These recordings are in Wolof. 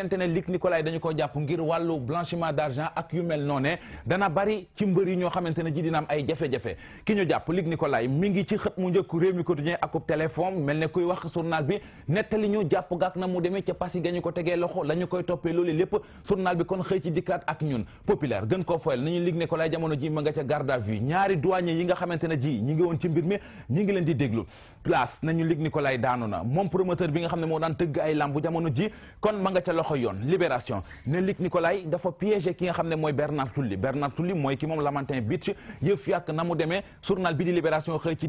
xamante ne Luc Nicolaï dañu ko ne dana bari ci mbër yi ñoo xamante mi ngi ci xët mu njëkk réew mi quotidien wax journal bi nettali ñu na mu demee ca pasi ga ñu ko tegee loxo la ñu koy toppee loolu lépp journal bi kon xëy ci dikkaat ak ñun populaire gën koo foyal nañu Luc Nicolaï jamono ji ma nga ca garde à vue ñaari douanier yi nga xamante ne ji ñi ngi woon ci mbir mi ñi ngi leen di déglu place nañu Luc Nicolaï daanu na moom promoteur bi nga xam ne moo daan tëgg ay lamb jamono ji kon ma nga libération Nelik Nicolai, il faut piéger qui nga Bernard Bernard Tulli Bernard Tulli mooy ki un Lamantin il faut que na me un journal bi libération xëy ci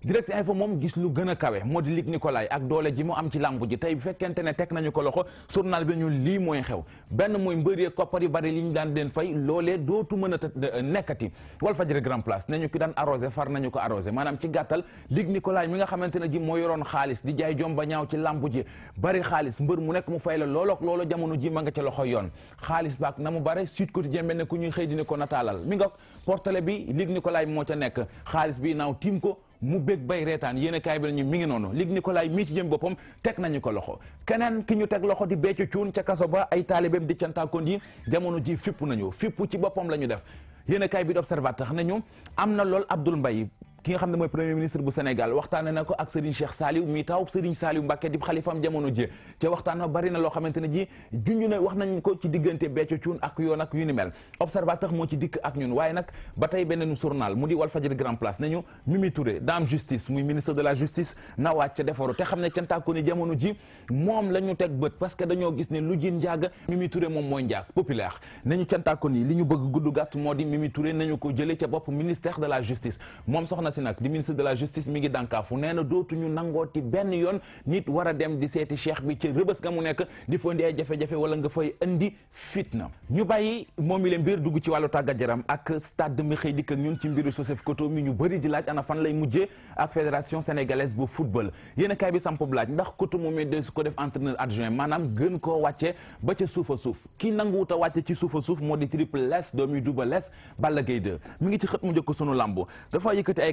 direct info moom gis lu gën a kawe moo di Luc Nicolaï ak doole ji mu am ci làmb ji tey bu fekkente ne teg nañu ko loxo journal bi ñu lii mooy xew benn muy mbëree koppar yu bari li ñu daan leen fay loolee dootu mën a euh, nekkati Walfadjri grand place ne ñu ki daan arrosé far nañu ko arrosé maanaam ci gàttal Luc Nicolaï mi nga xamante ne jii moo yoroon xaalis di jaay jom ba ñaaw ci làmb ji bari xaalis mbër mu nekk mu fay la loolook loolo jamono ji ma nga ca loxo yoon xaalis na mu bare Sud Quotidien mel ne ku ñuy xëy dine ko nataalal mi nga portale bi Luc Nicolaï moo ca nekk xaalis bi naaw tiim ko mu bég bay reetaan yéen bi nañu mi ngi noonu lig Nicolas mii ci jëm boppam teg nañu ko loxo keneen ki ñu teg loxo di beccu cuun ca kaso ba ay taalibeem di cantaakoon yi jamono ji fipp nañu fipp ci boppam la ñu def yéen a kaay bi di observateur tax nañu am na lool Abdoul Mbaye ki nga xam ne mooy premier ministre bu Sénégal waxtaane na ko ak Serigne Cheikh Saliou mi taw Serigne Saliou Mbacké di xalifam jamono ji ca waxtaan na loo xamante ne ji junj na wax nañ ko ci diggante Béthio ak yoon ak yu ni moo ci dikk ak ñun waaye nag ba tey beneen journal mu di Walfadjri Grand Place ne ñu Mimi Touré dame justice ministre de la justice na wàcc ca defaru ne cantaako ni jamono ji moom teg bët parce que dañoo gis ne lu ji njaag Mimi Touré moom mooy njaag populaire nañu ñu bëgg gudd moo di Mimi Touré nañu ko jëlee ca bopp ministère de la justice moom soxna soxna si nag di ministre de la justice mi ngi dànkaafu nee na dootuñu nangooti benn yoon nit war a dem di seeti cheikh bi ci rëbës nga mu nekk di fa ay jafe-jafe wala nga fay indi fitna ñu bàyyi moom mi leen mbir dugg ci wàllu tàggat yaram ak stade mi xëy dikk ñu ñun ci mbiru Joseph Koto mi ñu bëri di laaj ana fan lay mujjee ak fédération sénégalaise bu football yéen a kaay bi samp laaj ndax Koto moomee de su ko def entraîneur adjoint maanaam gën ko wàcce ba ca suufa suuf ki nanguwut a wàcce ci suufa suuf moo di triple S doomi double S Balla Gaye 2 mi ngi ci xët mu sunu lambo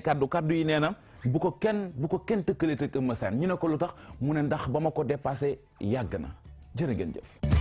kaddu kaddu yi nee na bu ko kenn bu ko kenn tëkkale tëkk Eumeu Sène ñu ne ko lu tax mu ne ndax ba ko dépassé yàgg na jërë